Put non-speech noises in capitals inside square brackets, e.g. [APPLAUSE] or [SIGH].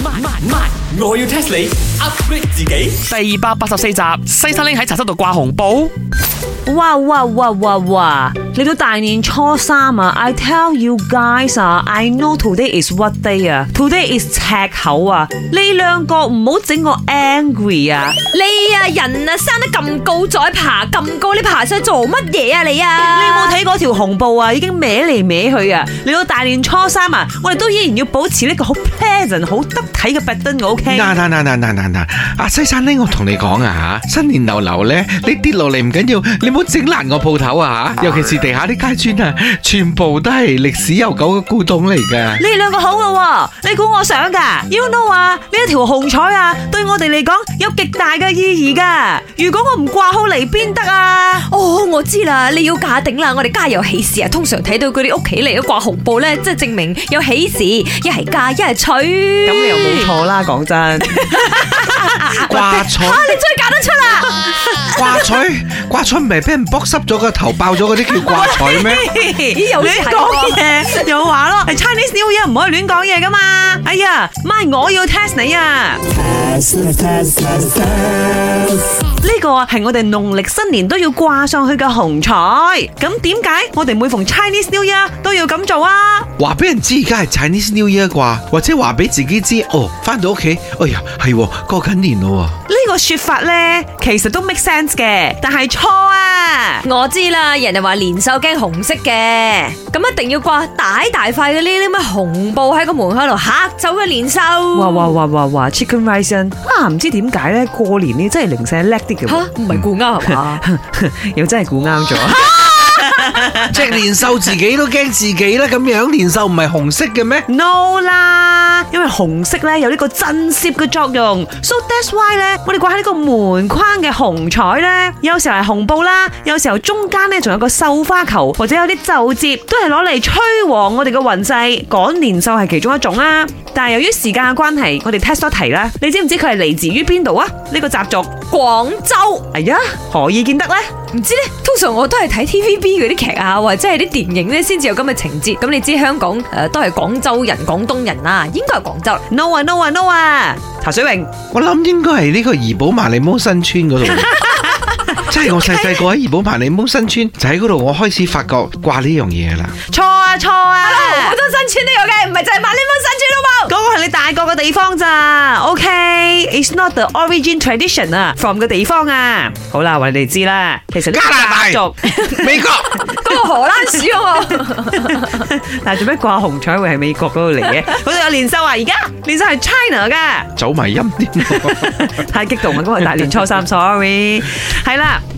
慢慢我要 test 你 upgrade 自己。第二百八十四集，西沙拎喺茶室度掛紅布。哇哇哇哇哇！哇哇哇嚟到大年初三啊！I tell you guys 啊！I know today is what day 啊！Today is 赤口啊！你兩個唔好整我 angry 啊！你啊人啊生得咁高，再爬咁高，你爬上去做乜嘢啊你啊！你，你有冇睇嗰條紅布啊？已經歪嚟歪去啊！嚟到大年初三啊，我哋都依然要保持呢個好 pleasant、好得體嘅 button，OK？嗱嗱嗱嗱嗱嗱嗱！阿西山呢，我同你講啊吓，新年流流咧，你跌落嚟唔緊要，你唔好整爛我鋪頭啊吓，尤其是。地下啲街磚啊，全部都係歷史悠久嘅古董嚟嘅、啊。你兩個好喎，你估我想噶？You know 啊，呢一條紅彩啊，對我哋嚟講有極大嘅意義噶。如果我唔掛好嚟邊得啊？哦，我知啦，你要嫁頂架頂啦，我哋家有喜事啊。通常睇到佢哋屋企嚟都掛紅布咧，即係證明有喜事，一係嫁一係娶。咁你又冇錯啦，講真。 [LAUGHS] 掛彩啊！你真係搞得出啊！掛彩掛彩，咪俾人剝濕咗個頭爆咗嗰啲叫掛彩咩？咦，又講嘢又話咯，係 Chinese New Year 唔可以亂講嘢噶嘛？哎呀，咪，我要 test 你啊！呢個係我哋農曆新年都要掛上去嘅紅彩。咁點解我哋每逢 Chinese New Year 都要咁做啊？話俾人知而家係 Chinese New Year 啩，或者話俾自己知哦。翻到屋企，哎呀，係喎。年咯，呢個說法咧，其實都 make sense 嘅，但係錯啊！我知啦，人哋話年獸驚紅色嘅，咁一定要掛大大塊嘅呢啲咩紅布喺個門口度嚇走嘅年獸。哇哇哇哇哇，Chicken Rice 啊！唔知點解咧，過年呢真係零舍叻啲嘅，吓唔係估啱係嘛？嗯、 [LAUGHS] 又真係估啱咗。 [LAUGHS] 即係年獸自己都驚自己啦，咁樣年獸唔係紅色嘅咩？No 啦，因為紅色咧有呢個震懾嘅作用，so that's why 咧，我哋掛喺呢個門框嘅紅彩咧，有時候係紅布啦，有時候中間咧仲有個繡花球，或者有啲皺折，都係攞嚟吹旺我哋嘅運勢，趕年獸係其中一種啦。但係由於時間嘅關係，我哋 test 多題啦。你知唔知佢係嚟自於邊度啊？呢、這個習俗廣州。哎呀，何以見得咧？唔知咧，通常我都係睇 TVB 嗰啲劇啊，或者係啲電影咧，先至有咁嘅情節。咁你知香港誒、呃、都係廣州人、廣東人啦，應該係廣州。No 啊，no 啊，no 啊，陶水榮，我諗應該係呢個怡寶麻利摩新村嗰度。真係我細細個喺元寶麻嶺冇新村，就喺嗰度我開始發覺掛呢樣嘢啦。錯啊錯啊，好多新村都有嘅，唔係就係萬利坊新村好冇。嗰個係你大個嘅地方咋？OK，it's not the origin tradition 啊，from 嘅地方啊。好啦，話你哋知啦。其實加拿大美國嗰個荷蘭鼠啊，但係，做咩掛紅彩會係美國嗰度嚟嘅？好似有年宵啊，而家年宵係 China 嘅。走埋音啲，太激動啊！今日大年初三，sorry，係啦。